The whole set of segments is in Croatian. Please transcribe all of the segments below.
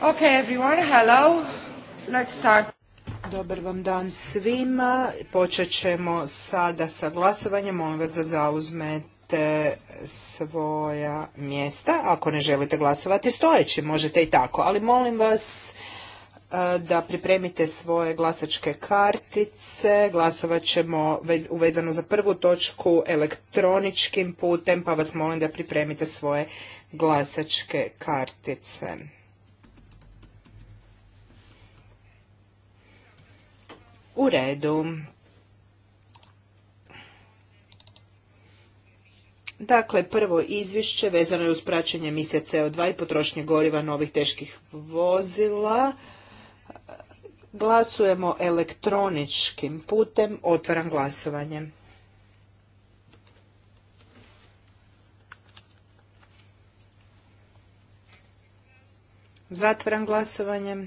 everyone, Dobar vam dan svima. Počet ćemo sada sa glasovanjem. Molim vas da zauzmete svoja mjesta. Ako ne želite glasovati stojeći, možete i tako. Ali molim vas e, da pripremite svoje glasačke kartice. Glasovat ćemo uvezano za prvu točku elektroničkim putem, pa vas molim da pripremite svoje glasačke kartice. U redu. Dakle, prvo izvješće vezano je uz praćenje emisije CO2 i potrošnje goriva novih teških vozila. Glasujemo elektroničkim putem. Otvaram glasovanje. Zatvaram glasovanje.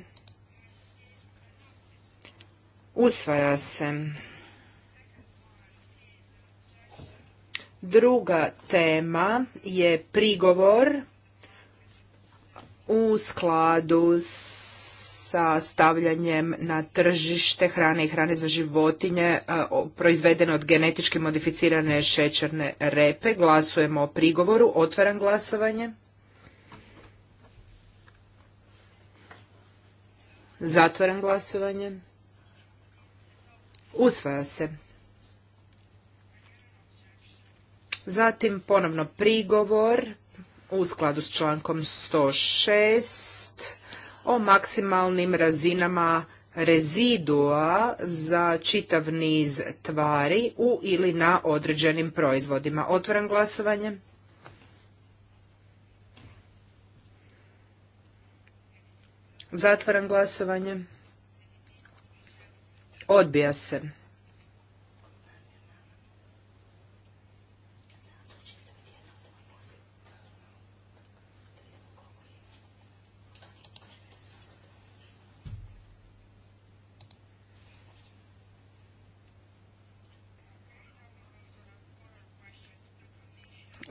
Usvaja se. Druga tema je prigovor u skladu sa stavljanjem na tržište hrane i hrane za životinje e, proizvedene od genetički modificirane šećerne repe. Glasujemo o prigovoru. Otvaram glasovanje. Zatvaram glasovanje. Usvaja se. Zatim ponovno prigovor u skladu s člankom 106 o maksimalnim razinama rezidua za čitav niz tvari u ili na određenim proizvodima. Otvaram glasovanje. Zatvaram glasovanje. Odbija se.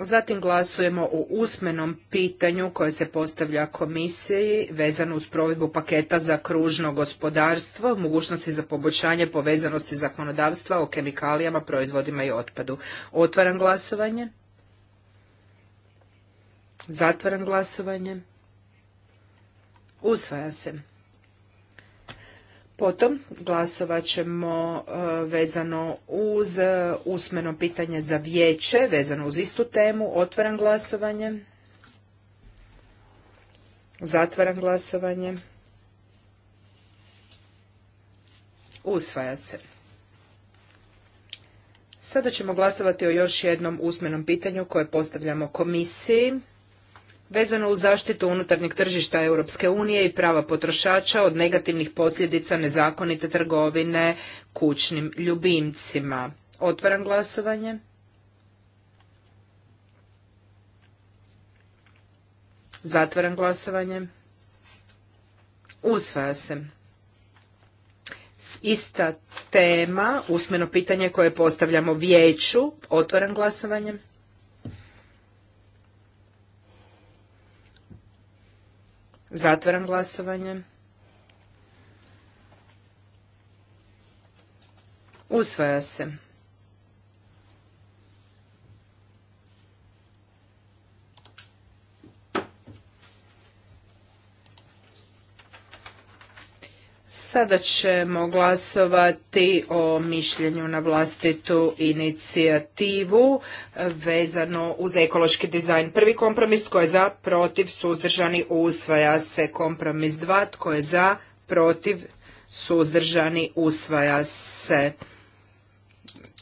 Zatim glasujemo o usmenom pitanju koje se postavlja komisiji vezano uz provedbu paketa za kružno gospodarstvo, mogućnosti za poboljšanje povezanosti zakonodavstva o kemikalijama, proizvodima i otpadu. Otvaram glasovanje. Zatvaram glasovanje. Usvaja se. Potom glasovat ćemo e, vezano uz e, usmeno pitanje za vijeće, vezano uz istu temu. Otvaram glasovanje. Zatvaram glasovanje. Usvaja se. Sada ćemo glasovati o još jednom usmenom pitanju koje postavljamo komisiji vezano uz zaštitu unutarnjeg tržišta Europske unije i prava potrošača od negativnih posljedica nezakonite trgovine kućnim ljubimcima. Otvaram glasovanje. Zatvaram glasovanje. Usvaja se. Ista tema, usmeno pitanje koje postavljamo vijeću. Otvaram glasovanje. Zatvaram glasovanje. Usvaja se. Sada ćemo glasovati o mišljenju na vlastitu inicijativu vezano uz ekološki dizajn. Prvi kompromis tko je za, protiv, suzdržani, usvaja se. Kompromis dva tko je za, protiv, suzdržani, usvaja se.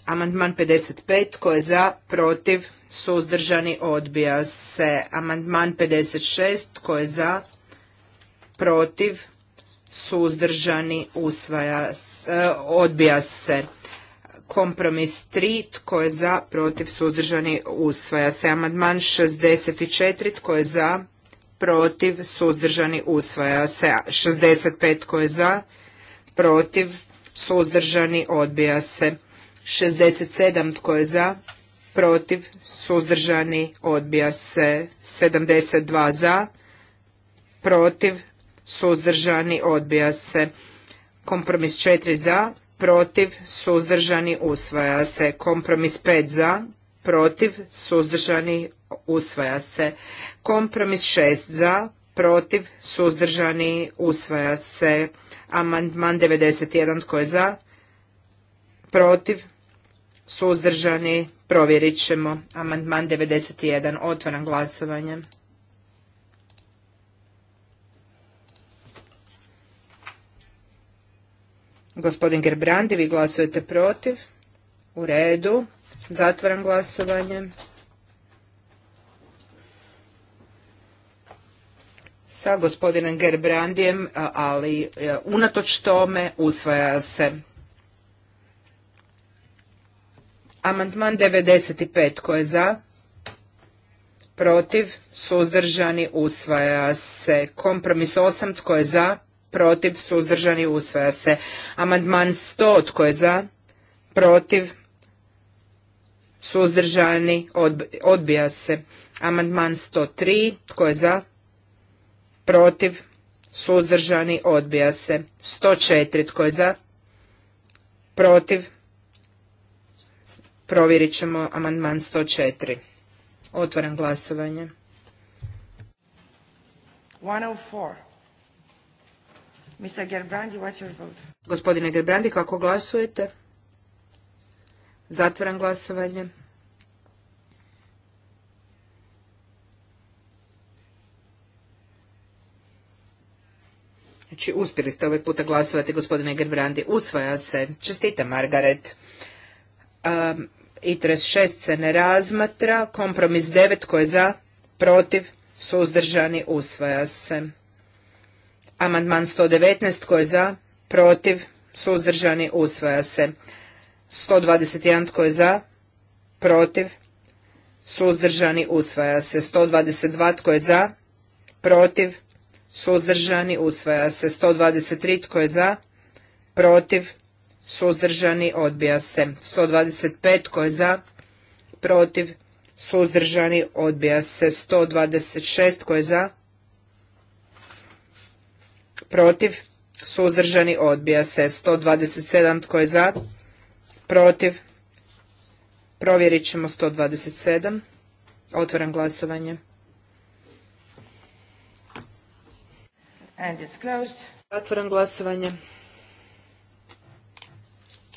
Amandman 55 tko je za, protiv, suzdržani, odbija se. Amandman 56 tko je za, protiv, suzdržani, usvaja, e, odbija se. Kompromis 3, tko je za, protiv, suzdržani, usvaja se. Amandman 64, tko je za, protiv, suzdržani, usvaja se. 65, tko je za, protiv, suzdržani, odbija se. 67, tko je za, protiv, suzdržani, odbija se. 72 za, protiv, suzdržani, odbija se. Kompromis 4 za, protiv, suzdržani, usvaja se. Kompromis 5 za, protiv, suzdržani, usvaja se. Kompromis 6 za, protiv, suzdržani, usvaja se. Amandman 91 tko je za, protiv, suzdržani, provjerit ćemo. Amandman 91, otvoram glasovanje. Gospodin Gerbrandi, vi glasujete protiv. U redu. Zatvaram glasovanje. Sa gospodinom Gerbrandijem, ali e, unatoč tome usvaja se. Amandman 95. tko je za? Protiv? Suzdržani? Usvaja se. Kompromis 8. Tko je za? protiv, suzdržani, usvaja se. Amandman 100, tko je za, protiv, suzdržani, odbija se. Amandman 103, tko je za, protiv, suzdržani, odbija se. 104, tko je za, protiv, provjerit ćemo amandman 104. Otvaram glasovanje. 104. Mr. Gerbrandi, what's your vote? Gospodine Gerbrandi, kako glasujete? Zatvaram glasovanje. Znači, uspjeli ste ovaj puta glasovati, gospodine Gerbrandi. Usvaja se. Čestite, Margaret. i um, ITRES 6 se ne razmatra. Kompromis 9, ko je za? Protiv? Suzdržani? Usvaja se. Amandman 119 tko je za, protiv, suzdržani, usvaja se. 121 tko je za, protiv, suzdržani, usvaja se. 122 tko je za, protiv, suzdržani, usvaja se. 123 tko je za, protiv, suzdržani, odbija se. 125 tko je za, protiv, suzdržani, odbija se. 126 tko je za, protiv, suzdržani, odbija se. 127 tko je za, protiv, provjerit ćemo 127. Otvaram glasovanje. And Otvaram glasovanje.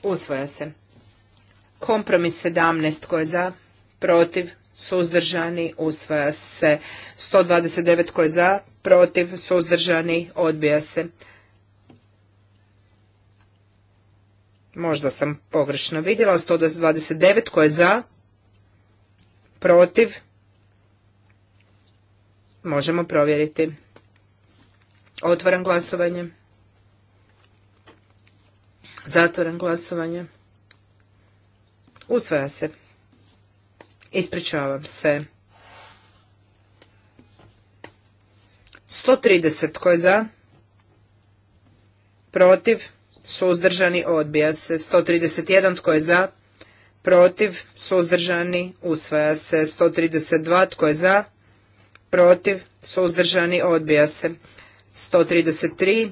Usvaja se. Kompromis 17 tko je za, protiv, suzdržani, usvaja se. 129 tko je za, protiv, suzdržani, odbija se. Možda sam pogrešno vidjela, 129 tko je za, protiv, možemo provjeriti. Otvaram glasovanje. Zatvaram glasovanje. Usvaja se. Ispričavam se. 130 tko je za? Protiv? Suzdržani odbija se. 131 tko je za? Protiv? Suzdržani usvaja se. 132 tko je za? Protiv? Suzdržani odbija se. 133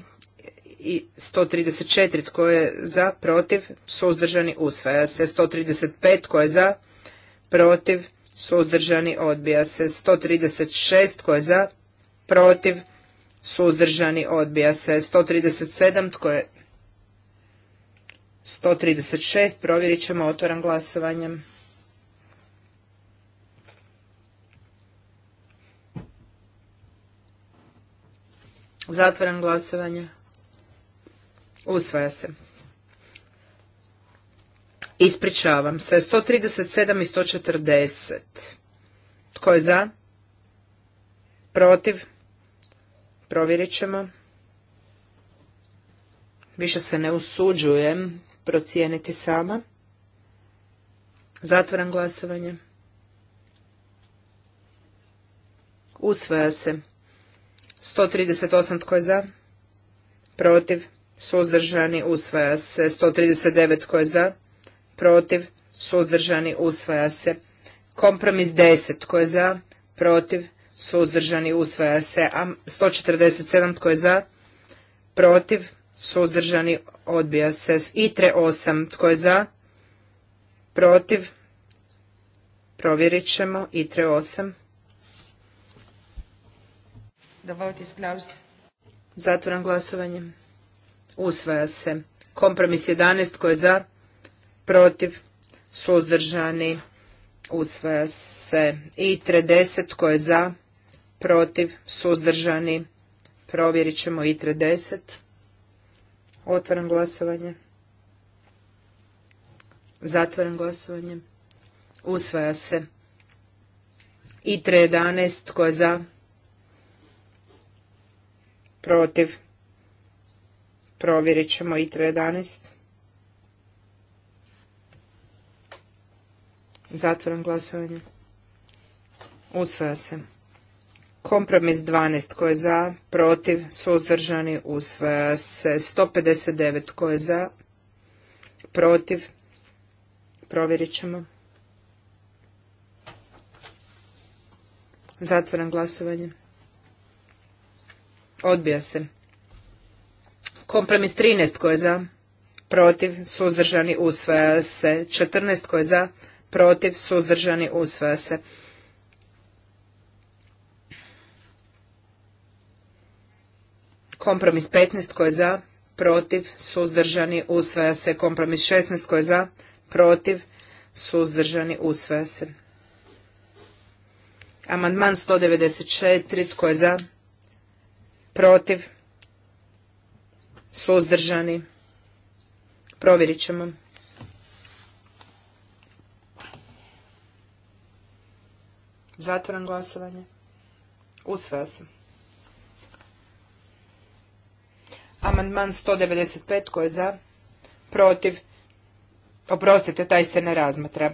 i 134 tko je za? Protiv? Suzdržani usvaja se. 135 tko je za? Protiv? Suzdržani odbija se. 136 tko je za? protiv, suzdržani, odbija se. 137, tko je 136, provjerit ćemo, otvoran glasovanjem. Zatvaram glasovanje. Usvaja se. Ispričavam se. 137 i 140. Tko je za? Protiv? Provjerit ćemo. Više se ne usuđujem procijeniti sama. Zatvaram glasovanje. Usvaja se. 138 tko je za? Protiv. Suzdržani usvaja se. 139 tko je za? Protiv. Suzdržani usvaja se. Kompromis 10 tko je za? Protiv suzdržani, usvaja se. A 147 tko je za, protiv, suzdržani, odbija se. I3, 8 tko je za, protiv, provjerit ćemo. I3, 8. Zatvoram glasovanje. Usvaja se. Kompromis 11 tko je za, protiv, suzdržani, usvaja se. I 30 tko je za, protiv, suzdržani, provjerit ćemo ITRE deset. Otvaram glasovanje. Zatvaram glasovanje. Usvaja se. ITRE 11, tko je za? Protiv. Provjerit ćemo ITRE 11. Zatvaram glasovanje. Usvaja se. Kompromis 12 tko je za, protiv, suzdržani, usvaja se. 159 tko je za, protiv, provjerit ćemo. Zatvoram glasovanje. Odbija se. Kompromis 13 koje je za, protiv, suzdržani, usvaja se. 14 koje je za, protiv, suzdržani, usvaja se. Kompromis 15 tko je za, protiv, suzdržani, usvaja se. Kompromis 16 tko je za, protiv, suzdržani, usvaja se. Amandman 194 tko je za, protiv, suzdržani, provjerit ćemo. Zatvoram glasovanje. Usvaja se. Amandman 195 tko je za? Protiv? Oprostite, taj se ne razmatra.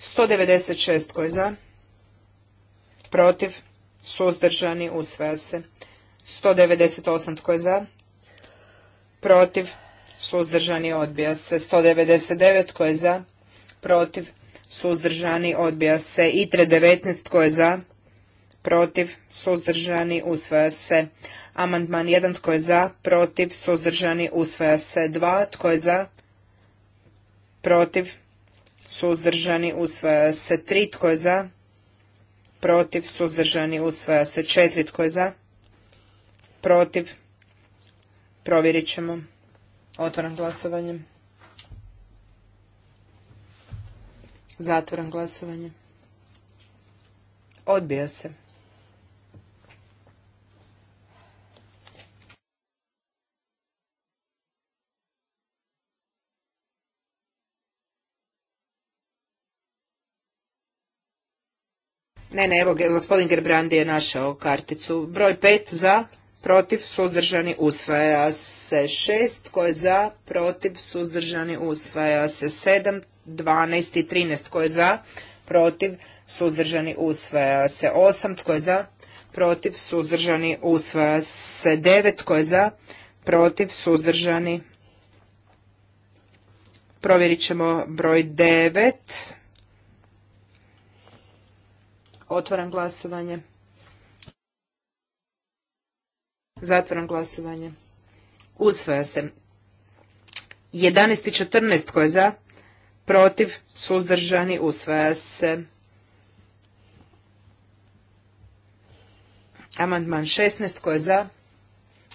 196 tko je za? Protiv? Suzdržani? Usvaja se. 198 tko je za? Protiv? Suzdržani? Odbija se. 199 tko je za? Protiv? Suzdržani? Odbija se. I 19 tko je za? protiv, suzdržani, usvaja se. Amandman 1, tko je za, protiv, suzdržani, usvaja se. 2, tko je za, protiv, suzdržani, usvaja se. 3, tko je za, protiv, suzdržani, usvaja se. 4, tko je za, protiv, provjerit ćemo. Otvaram glasovanje. Zatvoram glasovanje. Odbija se. Ne, ne, evo, gospodin Gerbrandi je našao karticu. Broj pet za, protiv, suzdržani, usvaja se šest. Tko je za, protiv, suzdržani, usvaja se sedam. dvanaest i 13. Tko je za? Protiv. Suzdržani usvaja se osam, Tko je za? Protiv. Suzdržani usvaja se devet, Tko je za? Protiv. Suzdržani. Provjerit ćemo broj devet. Otvaram glasovanje. Zatvaram glasovanje. Usvaja se. 11 i 14 tko je za? Protiv, suzdržani, usvaja se. Amandman 16 tko je za?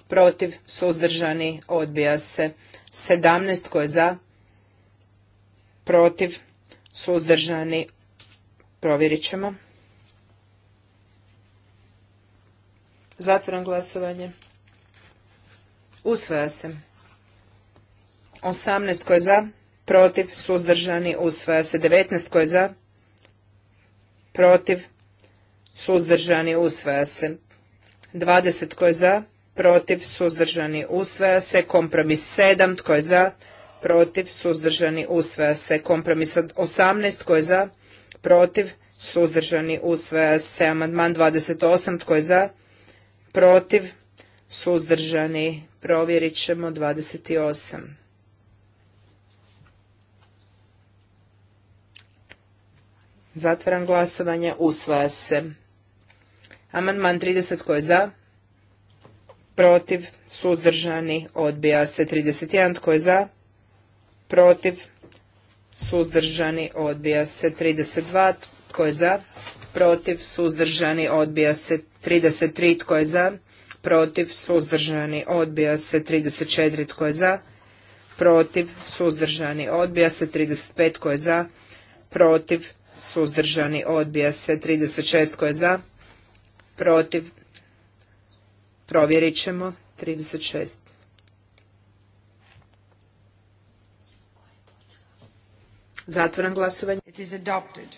Protiv, suzdržani, odbija se. 17 koje je za? Protiv, suzdržani, provjerit ćemo. Zatvoram glasovanje. Usvaja se. 18 tko je za, protiv, suzdržani, usvaja se. 19 tko je za, protiv, suzdržani, usvaja se. 20 tko je za, protiv, suzdržani, usvaja se. Kompromis 7 tko je za, protiv, suzdržani, usvaja se. Kompromis 18 tko je za, protiv, suzdržani, usvaja se. Amandman 28 tko je za, protiv, suzdržani, provjerit ćemo 28. Zatvaram glasovanje, usvaja se. Amandman 30 tko je za? Protiv, suzdržani, odbija se. 31 tko je za? Protiv, suzdržani, odbija se. 32 tko je za? protiv, suzdržani, odbija se 33, tko je za, protiv, suzdržani, odbija se 34, tko je za, protiv, suzdržani, odbija se 35, tko je za, protiv, suzdržani, odbija se 36, tko je za, protiv, provjerit ćemo 36. Zatvaram glasovanje. It is adopted.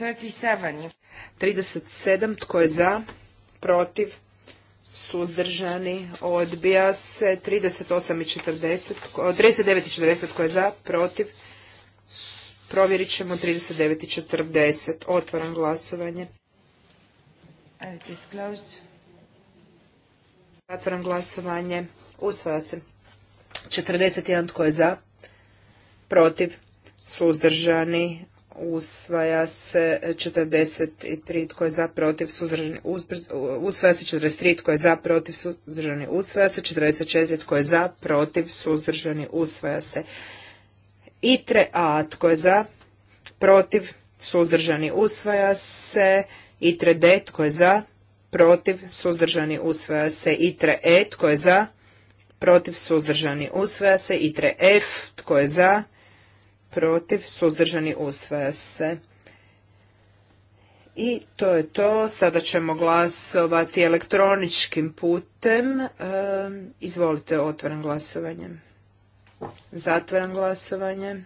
37. Tko je za? Protiv? Suzdržani? Odbija se. 39 i 40. Tko je za? Protiv? Provjerit ćemo 39 i 40. otvoram glasovanje. Otvoram glasovanje. Usvaja se. 41. Tko je za? Protiv? Suzdržani? usvaja se 43 tko je za protiv suzdržani usvaja se 43 tko je za protiv suzdržani usvaja se 44 tko je za protiv suzdržani usvaja se i tre a tko je za protiv suzdržani usvaja se i tre d tko je za protiv suzdržani usvaja se i tre e tko je za protiv suzdržani usvaja se i tre f tko je za protiv, suzdržani, usvaja se. I to je to. Sada ćemo glasovati elektroničkim putem. E, izvolite, otvaram glasovanje. Zatvaram glasovanje.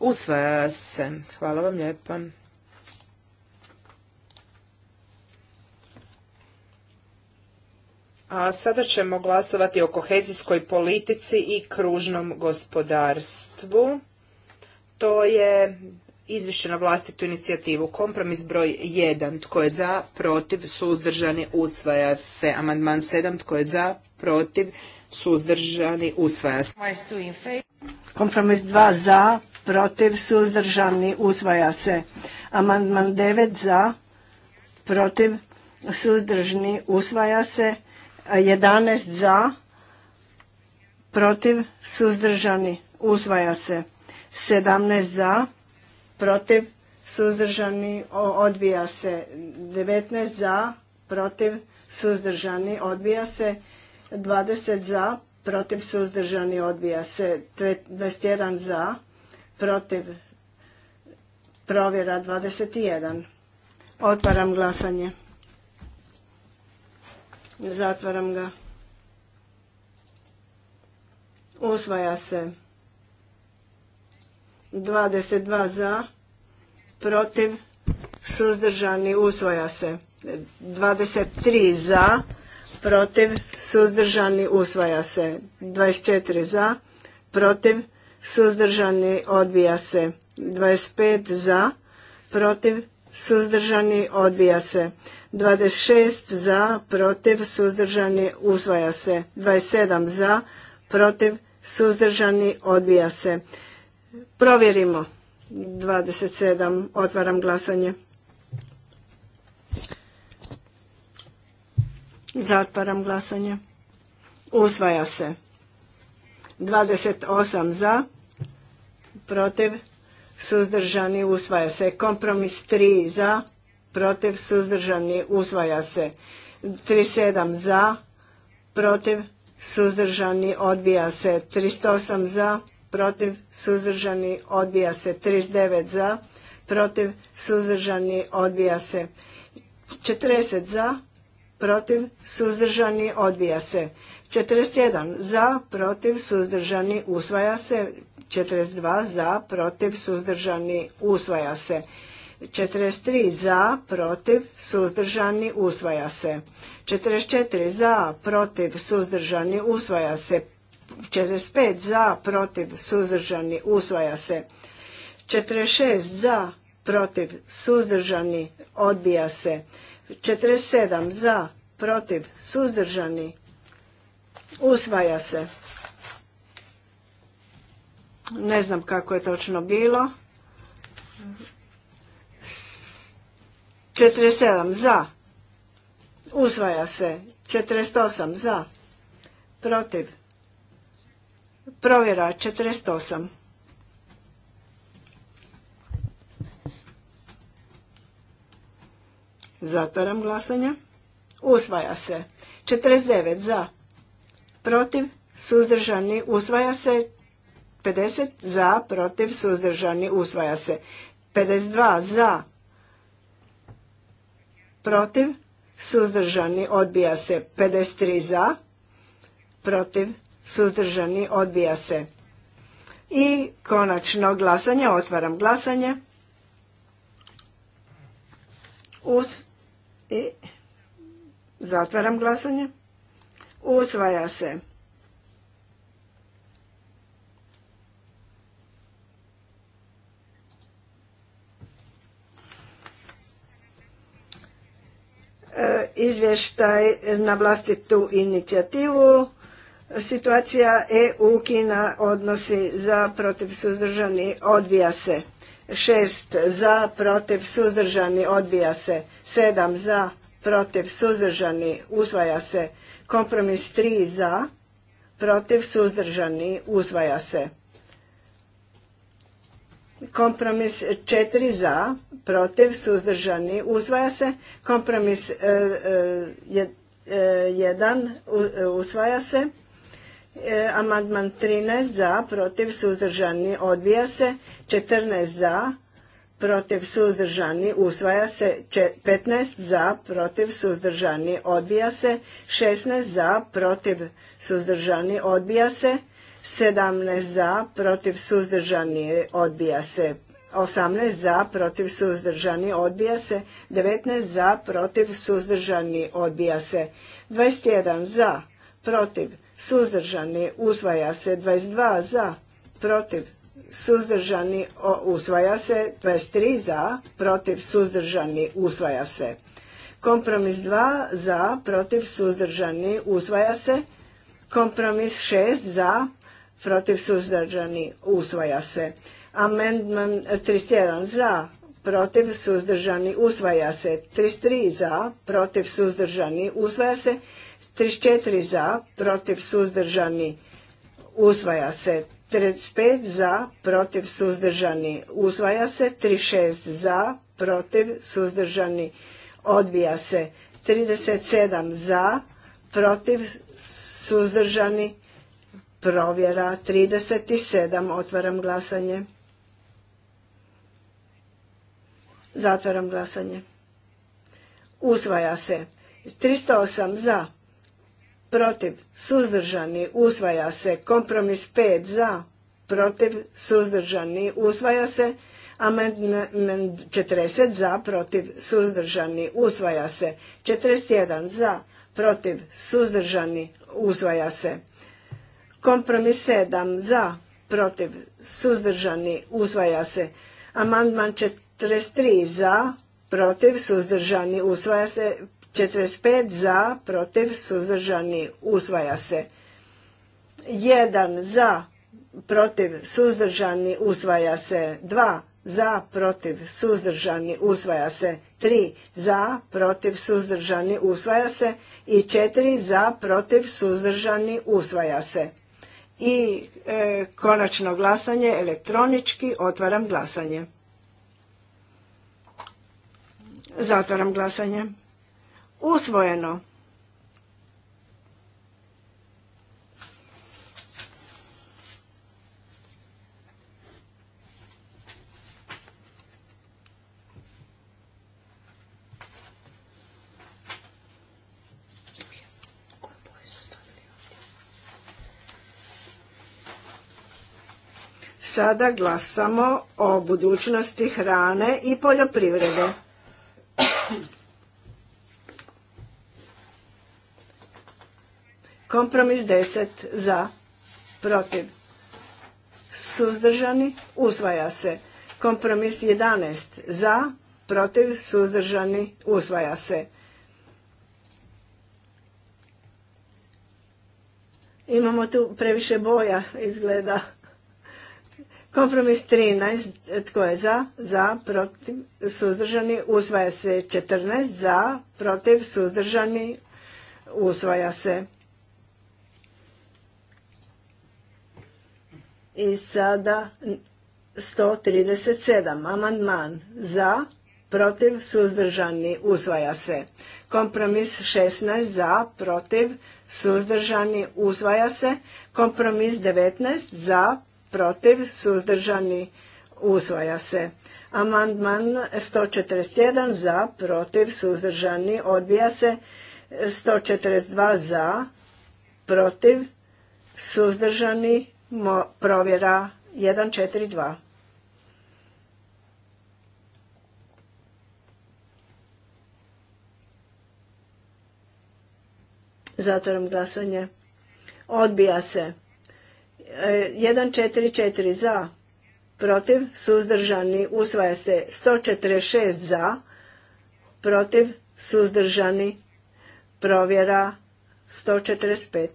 Usvaja se. Hvala vam lijepa. A sada ćemo glasovati o kohezijskoj politici i kružnom gospodarstvu. To je izvješće na vlastitu inicijativu. Kompromis broj 1. Tko je za, protiv, suzdržani, usvaja se. Amandman 7. Tko je za, protiv, suzdržani, usvaja se. Kompromis 2. Za, protiv, suzdržani, usvaja se. Amandman 9. Za, protiv, suzdržani, usvaja se. 11 za, protiv, suzdržani, uzvaja se. 17 za, protiv, suzdržani, odbija se. 19 za, protiv, suzdržani, odbija se. 20 za, protiv, suzdržani, odbija se. 21 za, protiv, provjera 21. Otvaram glasanje. Zatvaram ga. Usvaja se. 22 za, protiv, suzdržani, usvaja se. 23 za, protiv, suzdržani, usvaja se. 24 za, protiv, suzdržani, odbija se. 25 za, protiv, suzdržani, odbija se. 26 za, protiv, suzdržani, usvaja se. 27 za, protiv, suzdržani, odbija se. Provjerimo. 27, otvaram glasanje. Zatvaram glasanje. Usvaja se. 28 za, protiv, suzdržani usvaja se. Kompromis 3 za, protiv suzdržani usvaja se. 37 za, protiv suzdržani odbija se. 308 za, protiv suzdržani odbija se. 39 za, protiv suzdržani odbija se. 40 za, protiv suzdržani odbija se. 41 za, protiv, suzdržani, usvaja se. 42 za, protiv, suzdržani, usvaja se. 43 za, protiv, suzdržani, usvaja se. 44 za, protiv, suzdržani, usvaja se. 45 za, protiv, suzdržani, usvaja se. 46 za, protiv, suzdržani, odbija se. 47 za, protiv, suzdržani, usvaja se. Ne znam kako je točno bilo. 47 za. Usvaja se. 48 za. Protiv. Provjera 48. Zatvaram glasanje. Usvaja se. 49 za. Protiv. Suzdržani. Usvaja se. 50 za, protiv, suzdržani, usvaja se. 52 za, protiv, suzdržani, odbija se. 53 za, protiv, suzdržani, odbija se. I konačno glasanje, otvaram glasanje. Us i zatvaram glasanje. Usvaja se. E, izvještaj na vlastitu inicijativu situacija EU ukina odnosi za protiv suzdržani odbija se šest za protiv suzdržani odbija se sedam za protiv suzdržani usvaja se kompromis tri za protiv suzdržani usvaja se Kompromis 4 za, protiv, suzdržani, usvaja se. Kompromis 1 e, e, e, usvaja se. Amandman 13 za, protiv, suzdržani, odbija se. 14 za, protiv, suzdržani, usvaja se. 15 za, protiv, suzdržani, odbija se. 16 za, protiv, suzdržani, odbija se. 17 za, protiv suzdržani odbija se. 18 za, protiv suzdržani odbija se. 19 za, protiv suzdržani odbija se. 21 za, protiv suzdržani usvaja se. 22 za, protiv suzdržani usvaja se. 23 za, protiv suzdržani usvaja se. Kompromis 2 za, protiv suzdržani usvaja se. Kompromis 6 za, protiv suzdržani usvaja se. Amendman 31 za, protiv suzdržani usvaja se. 33 za, protiv suzdržani usvaja se. 34 za, protiv suzdržani usvaja se. 35 za, protiv suzdržani usvaja se. 36 za, protiv suzdržani odbija se. 37 za, protiv suzdržani usvaja se. Provjera 37. Otvaram glasanje. Zatvaram glasanje. Usvaja se. 308 za. Protiv. Suzdržani. Usvaja se. Kompromis 5 za. Protiv. Suzdržani. Usvaja se. Amendment 40 za. Protiv. Suzdržani. Usvaja se. 41 za. Protiv. Suzdržani. Usvaja se. Kompromis 7 za, protiv, suzdržani, usvaja se. Amandman 43 za, protiv, suzdržani, usvaja se. 45 za, protiv, suzdržani, usvaja se. 1 za, protiv, suzdržani, usvaja se. 2 za, protiv, suzdržani, usvaja se. 3 za, protiv, suzdržani, usvaja se. I 4 za, protiv, suzdržani, usvaja se i e, konačno glasanje elektronički otvaram glasanje zatvaram glasanje usvojeno sada glasamo o budućnosti hrane i poljoprivrede. Kompromis 10 za, protiv, suzdržani, usvaja se. Kompromis 11 za, protiv, suzdržani, usvaja se. Imamo tu previše boja, izgleda. Kompromis 13, tko je za, za, protiv, suzdržani, usvaja se 14, za, protiv, suzdržani, usvaja se. I sada 137, amandman, za, protiv, suzdržani, usvaja se. Kompromis 16, za, protiv, suzdržani, usvaja se. Kompromis 19, za, protiv, suzdržani, usvaja se. Amandman 141 za, protiv, suzdržani, odbija se. 142 za, protiv, suzdržani, provjera 142. Zatvorim glasanje. Odbija se. 144 za, protiv, suzdržani, usvaja se 146 za, protiv, suzdržani, provjera 145.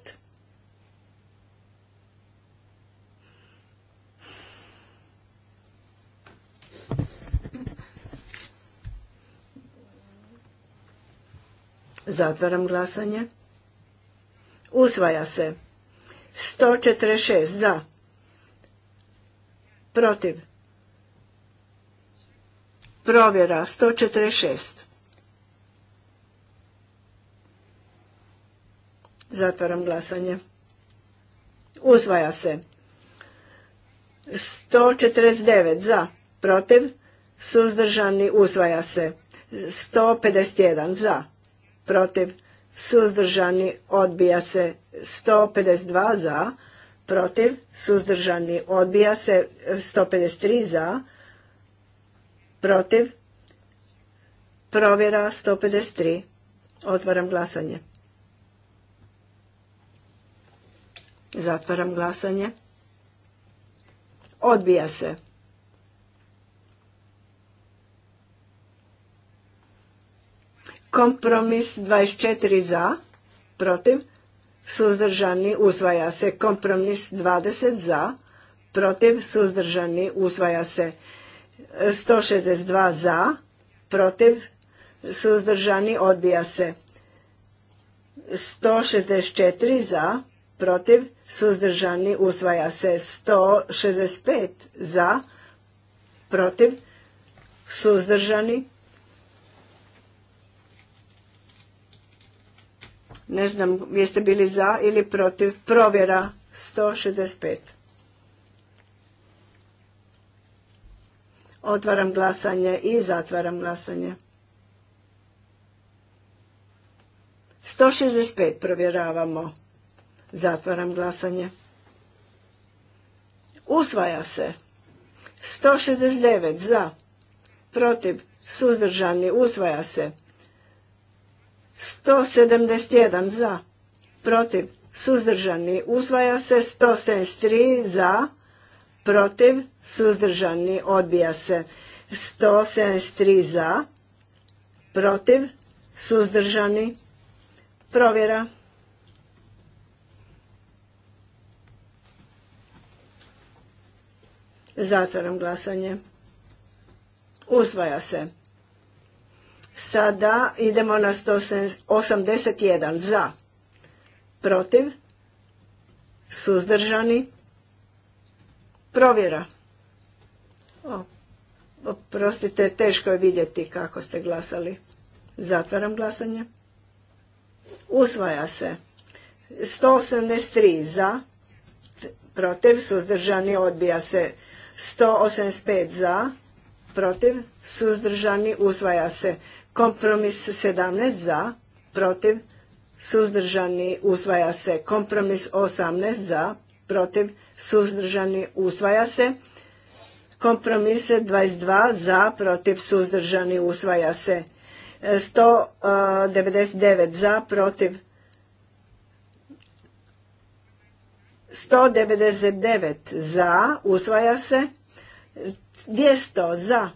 Zatvaram glasanje. Usvaja se. 146 za. Protiv. Provjera 146. Zatvaram glasanje. Usvaja se. 149 za. Protiv. Suzdržani usvaja se. 151 za. Protiv suzdržani odbija se 152 za, protiv suzdržani odbija se 153 za, protiv provjera 153. Otvaram glasanje. Zatvaram glasanje. Odbija se. Kompromis 24 za, protiv, suzdržani, usvaja se. Kompromis 20 za, protiv, suzdržani, usvaja se. 162 za, protiv, suzdržani, odbija se. 164 za, protiv, suzdržani, usvaja se. 165 za, protiv, suzdržani, Ne znam, jeste bili za ili protiv provjera 165. Otvaram glasanje i zatvaram glasanje. 165 provjeravamo. Zatvaram glasanje. Usvaja se. 169 za. Protiv. Suzdržani. Usvaja se. 171 za, protiv, suzdržani, usvaja se 173 za, protiv, suzdržani, odbija se 173 za, protiv, suzdržani, provjera. Zatvaram glasanje. Usvaja se. Sada idemo na 181 za, protiv, suzdržani, provjera. O, oprostite, teško je vidjeti kako ste glasali. Zatvaram glasanje. Usvaja se. 183 za, protiv, suzdržani, odbija se. 185 za, protiv, suzdržani, usvaja se. Kompromis 17 za, protiv, suzdržani, usvaja se. Kompromis 18 za, protiv, suzdržani, usvaja se. Kompromis 22 za, protiv, suzdržani, usvaja se. 199 e, za, protiv, 199 za, usvaja se. 200 za,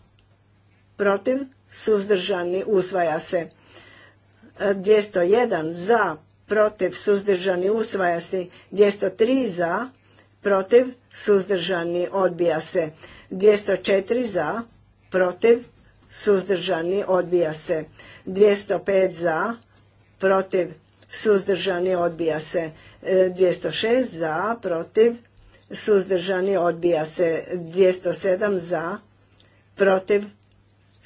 protiv, suzdržani, usvaja se. 201 za, protiv, suzdržani, usvaja se. 203 za, protiv, suzdržani, odbija se. 204 za, protiv, suzdržani, odbija se. 205 za, protiv, suzdržani, odbija se. 206 za, protiv, suzdržani, odbija se. 207 za, protiv,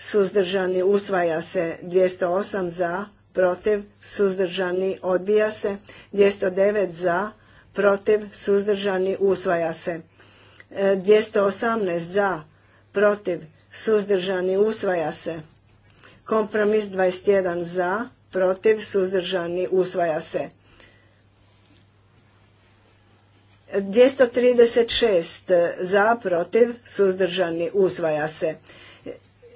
suzdržani usvaja se 208 za protiv suzdržani odbija se 209 za protiv suzdržani usvaja se 218 e, za protiv suzdržani usvaja se kompromis 21 za protiv suzdržani usvaja se 236 za protiv suzdržani usvaja se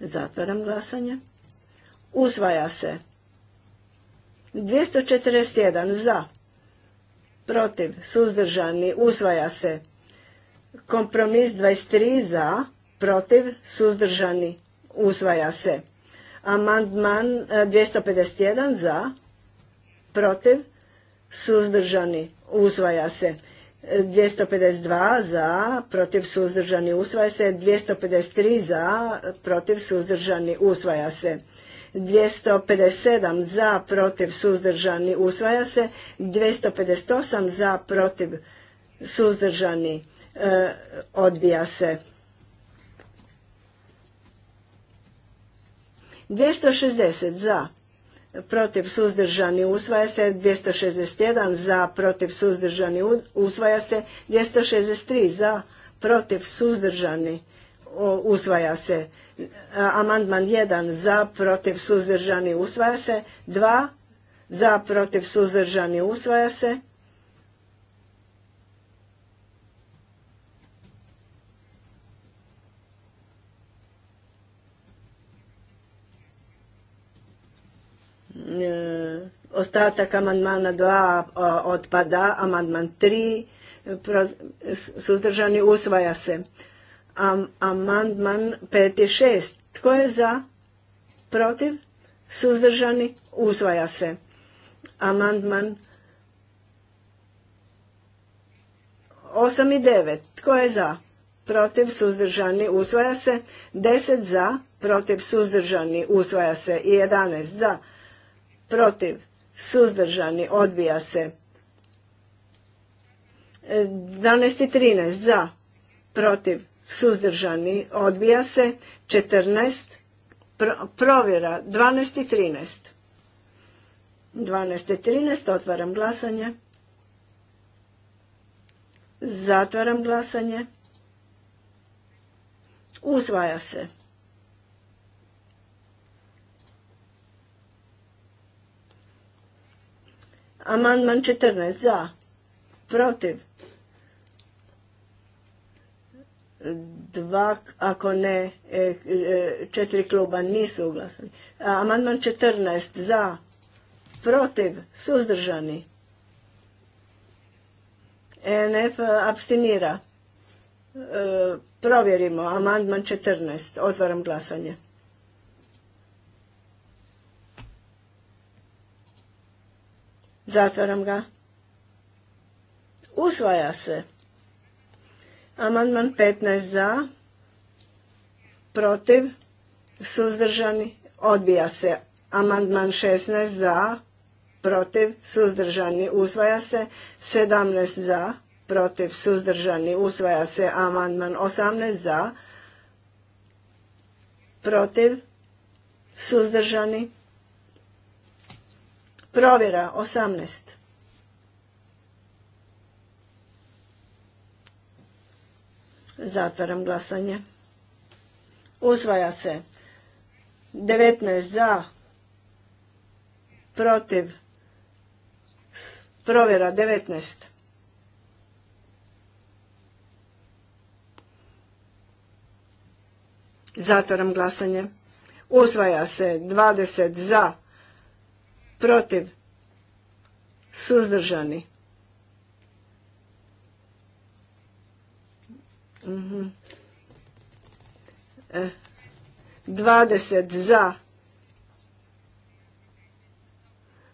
Zatvaram glasanje. Usvaja se. 241 za. Protiv. Suzdržani. Usvaja se. Kompromis 23 za. Protiv. Suzdržani. Usvaja se. Amandman 251 e, za. Protiv. Suzdržani. Usvaja se. 252 za, protiv suzdržani usvaja se, 253 za, protiv suzdržani usvaja se. 257 za, protiv suzdržani usvaja se, 258 za, protiv suzdržani e, odbija se. 260 za, protiv suzdržani usvaja se 261 za protiv suzdržani usvaja se 263 za protiv suzdržani usvaja se amandman 1 za protiv suzdržani usvaja se 2 za protiv suzdržani usvaja se E, ostatak amandmana 2 otpada, amandman 3 e, suzdržani usvaja se. amandman 5 i 6. Tko je za? Protiv? Suzdržani? Usvaja se. Amandman 8 i 9. Tko je za? Protiv? Suzdržani? Usvaja se. 10 za? Protiv? Suzdržani? Usvaja se. I 11 za? protiv, suzdržani, odbija se. 12 i 13 za, protiv, suzdržani, odbija se. 14 provjera, 12 i 13. 12 i 13, otvaram glasanje. Zatvaram glasanje. Usvaja se. Amandman 14 za. Protiv. Dva, ako ne, e, e, četiri kluba nisu uglasani. Amandman 14 za. Protiv. Suzdržani. ENF abstinira. E, provjerimo. Amandman 14. Otvaram glasanje. Zatvaram ga. Usvaja se. Amandman 15 za, protiv, suzdržani, odbija se. Amandman 16 za, protiv, suzdržani, usvaja se. 17 za, protiv, suzdržani, usvaja se. Amandman 18 za, protiv, suzdržani, Provjera 18. Zatvaram glasanje. Usvaja se 19 za, protiv, provjera 19. Zatvaram glasanje. Usvaja se dvadeset za, protiv, suzdržani. Mhm. E, dvadeset za,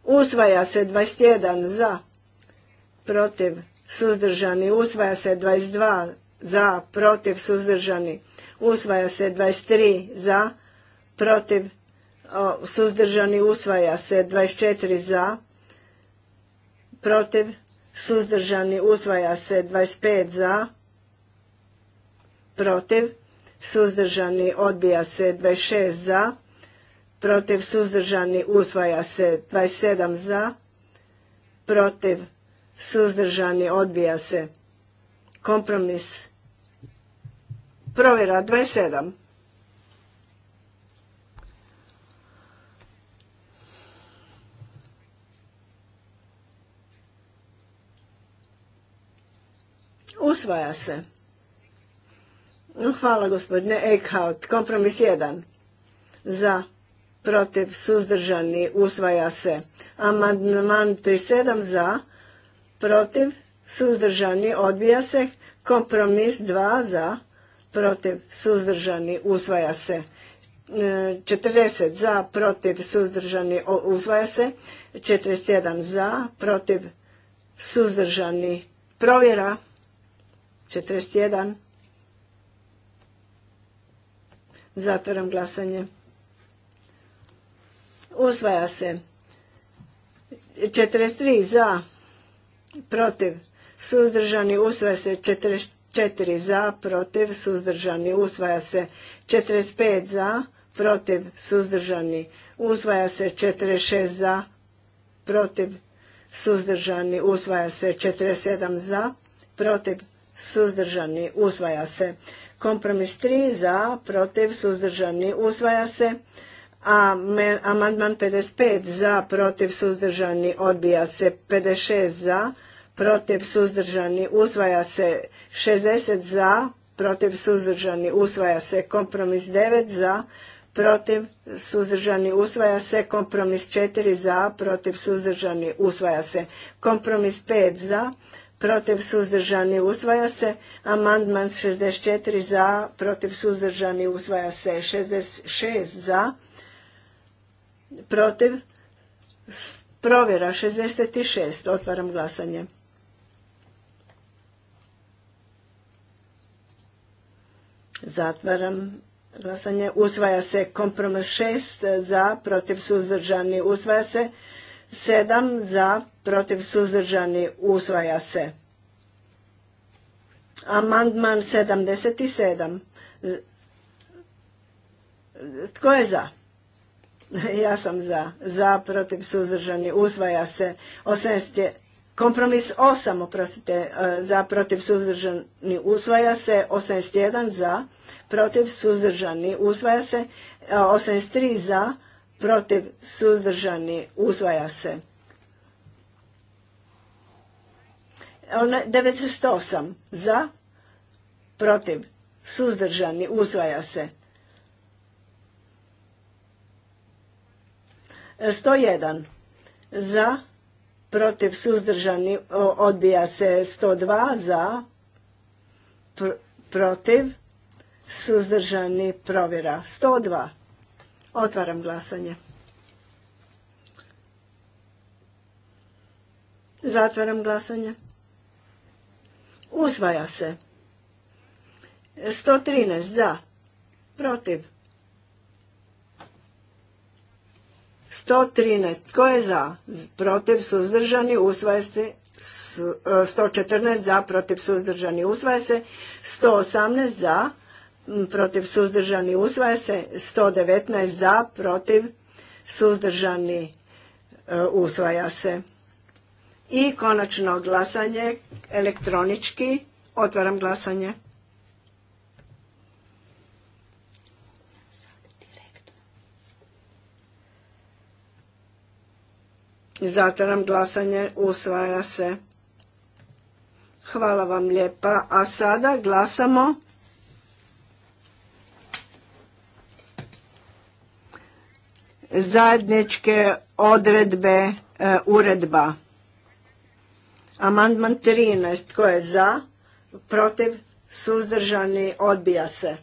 usvaja se jedan za, protiv, suzdržani, usvaja se 22 za, protiv, suzdržani, usvaja se tri za, protiv, suzdržani usvaja se 24 za protiv suzdržani usvaja se 25 za protiv suzdržani odbija se 26 za protiv suzdržani usvaja se 27 za protiv suzdržani odbija se kompromis provjera 27 Usvaja se. Hvala gospodine Eichhout. Kompromis 1. Za, protiv, suzdržani, usvaja se. Amandman 37 za, protiv, suzdržani, odbija se. Kompromis 2 za, protiv, suzdržani, usvaja se. 40 e, za, protiv, suzdržani, usvaja se. 41 za, protiv, suzdržani, provjera. 41. Zatvaram glasanje. Usvaja se. 43 za, protiv, suzdržani, usvaja se. 44 za, protiv, suzdržani, usvaja se. 45 za, protiv, suzdržani, usvaja se. 46 za, protiv, suzdržani, usvaja se. 47 za, protiv, suzdržani, usvaja se. Kompromis 3 za, protiv, suzdržani, usvaja se. A amandman 55 za, protiv, suzdržani, odbija se. 56 za, protiv, suzdržani, usvaja se. 60 za, protiv, suzdržani, usvaja se. Kompromis 9 za, protiv, suzdržani, usvaja se. Kompromis 4 za, protiv, suzdržani, usvaja se. Kompromis 5 za, protiv suzdržani usvaja se, amandman 64 za, protiv suzdržani usvaja se, 66 za, protiv, provjera 66, otvaram glasanje. Zatvaram glasanje. Usvaja se kompromis 6 za, protiv suzdržani. Usvaja se Sedam za, protiv suzdržani usvaja se. Amandman 77. Tko je za? Ja sam za. Za, protiv, suzdržani, usvaja se. je Kompromis 8, oprostite, e, za, protiv, suzdržani, usvaja se. 81 za, protiv, suzdržani, usvaja se. 83 e, za, protiv, suzdržani, uzvaja se. 908 za, protiv, suzdržani, uzvaja se. 101 za, protiv, suzdržani, odbija se. 102 za, protiv, suzdržani, provjera. 102 Otvaram glasanje. Zatvaram glasanje. Usvaja se. 113 za. Protiv. 113. Tko je za? Protiv suzdržani usvaja se. 114 e, za. Protiv suzdržani usvaja se. 118 za protiv suzdržani usvaja se 119 za protiv suzdržani e, usvaja se i konačno glasanje elektronički otvaram glasanje Zatvaram glasanje, usvaja se. Hvala vam lijepa. A sada glasamo zajedničke odredbe e, uredba. Amandman 13. Tko je za? Protiv? Suzdržani? Odbija se.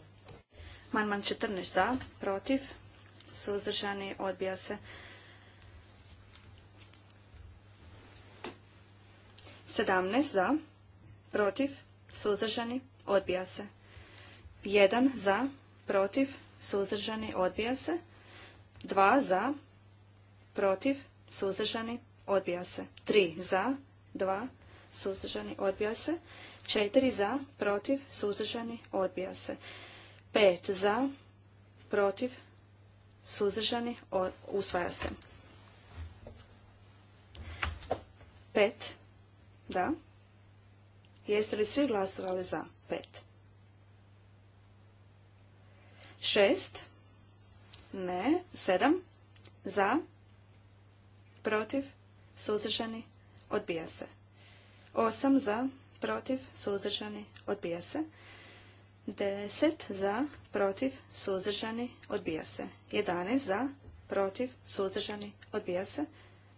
Amandman 14. Za? Protiv? Suzdržani? Odbija se. 17. Za? Protiv? Suzdržani? Odbija se. 1. Za? Protiv? Suzdržani? Odbija se. 2 za, protiv, suzdržani, odbija se. 3 za, 2, suzdržani, odbija se. 4 za, protiv, suzdržani, odbija se. 5 za, protiv, suzdržani, usvaja se. 5, da. Jeste li svi glasovali za? 5. 6 ne. Sedam. Za. Protiv. Suzdržani. Odbija se. Osam. Za. Protiv. Suzdržani. Odbija se. Deset za, protiv, suzdržani, odbija se. 11 za, protiv, suzdržani, odbija se.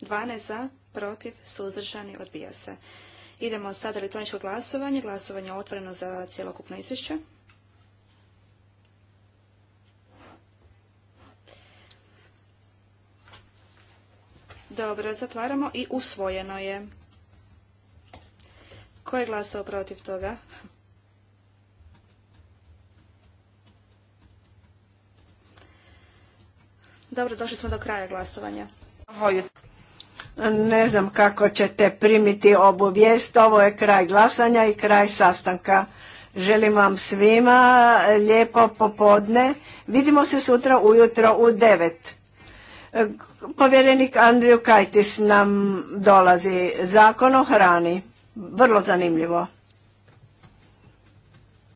12 za, protiv, suzdržani, odbija se. Idemo sad elektroničko glasovanje. Glasovanje je otvoreno za cjelokupno izvješće. Dobro, zatvaramo i usvojeno je. Ko je glasao protiv toga? Dobro, došli smo do kraja glasovanja. Ne znam kako ćete primiti obu vijest. Ovo je kraj glasanja i kraj sastanka. Želim vam svima lijepo popodne. Vidimo se sutra ujutro u devet. Povjerenik Andriju Kajtis nam dolazi. Zakon o hrani. Vrlo zanimljivo.